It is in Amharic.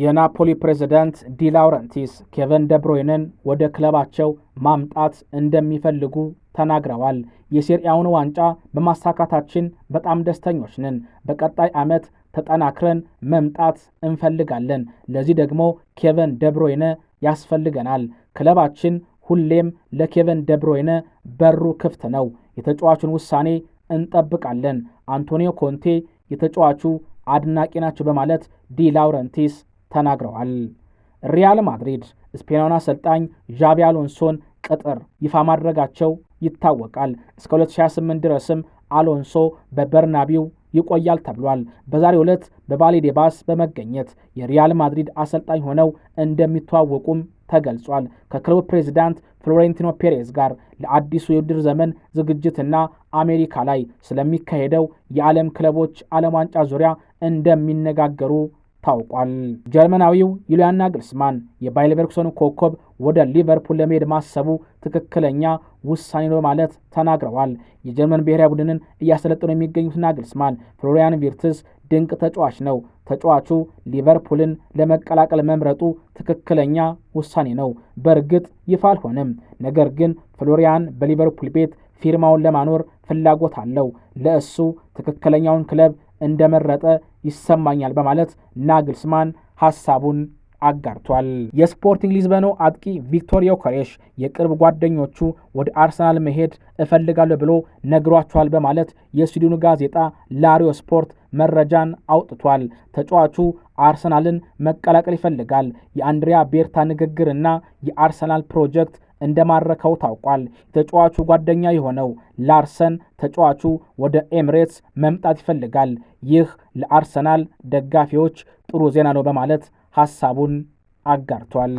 የናፖሊ ፕሬዝዳንት ዲ ላውረንቲስ ኬቨን ደብሮይንን ወደ ክለባቸው ማምጣት እንደሚፈልጉ ተናግረዋል። የሴሪያውን ዋንጫ በማሳካታችን በጣም ደስተኞች ነን። በቀጣይ ዓመት ተጠናክረን መምጣት እንፈልጋለን። ለዚህ ደግሞ ኬቨን ደብሮይነ ያስፈልገናል። ክለባችን ሁሌም ለኬቨን ደብሮይነ በሩ ክፍት ነው። የተጫዋቹን ውሳኔ እንጠብቃለን። አንቶኒዮ ኮንቴ የተጫዋቹ አድናቂ ናቸው በማለት ዲ ላውረንቲስ ተናግረዋል። ሪያል ማድሪድ ስፔናውን አሰልጣኝ ዣቢ አሎንሶን ቅጥር ይፋ ማድረጋቸው ይታወቃል። እስከ 2028 ድረስም አሎንሶ በበርናቢው ይቆያል ተብሏል። በዛሬው ዕለት በቫሌዴባስ በመገኘት የሪያል ማድሪድ አሰልጣኝ ሆነው እንደሚተዋወቁም ተገልጿል። ከክለቡ ፕሬዚዳንት ፍሎሬንቲኖ ፔሬዝ ጋር ለአዲሱ የውድድር ዘመን ዝግጅትና አሜሪካ ላይ ስለሚካሄደው የዓለም ክለቦች ዓለም ዋንጫ ዙሪያ እንደሚነጋገሩ ታውቋል። ጀርመናዊው ዩሊያና ግርስማን የባይሌቨርኩሰኑ ኮከብ ወደ ሊቨርፑል ለመሄድ ማሰቡ ትክክለኛ ውሳኔ ነው በማለት ተናግረዋል። የጀርመን ብሔራዊ ቡድንን እያሰለጠኑ የሚገኙት ናግልስማን ፍሎሪያን ቪርትስ ድንቅ ተጫዋች ነው። ተጫዋቹ ሊቨርፑልን ለመቀላቀል መምረጡ ትክክለኛ ውሳኔ ነው። በእርግጥ ይፋ አልሆነም፣ ነገር ግን ፍሎሪያን በሊቨርፑል ቤት ፊርማውን ለማኖር ፍላጎት አለው። ለእሱ ትክክለኛውን ክለብ እንደመረጠ ይሰማኛል በማለት ናግልስማን ሀሳቡን አጋርቷል። የስፖርቲንግ ሊዝበኑ አጥቂ ቪክቶር ዮከሬሽ የቅርብ ጓደኞቹ ወደ አርሰናል መሄድ እፈልጋለሁ ብሎ ነግሯቸዋል በማለት የስዊድኑ ጋዜጣ ላሪዮ ስፖርት መረጃን አውጥቷል። ተጫዋቹ አርሰናልን መቀላቀል ይፈልጋል። የአንድሪያ ቤርታ ንግግርና የአርሰናል ፕሮጀክት እንደማረከው ታውቋል። የተጫዋቹ ጓደኛ የሆነው ላርሰን ተጫዋቹ ወደ ኤምሬትስ መምጣት ይፈልጋል። ይህ ለአርሰናል ደጋፊዎች ጥሩ ዜና ነው በማለት ሐሳቡን አጋርቷል።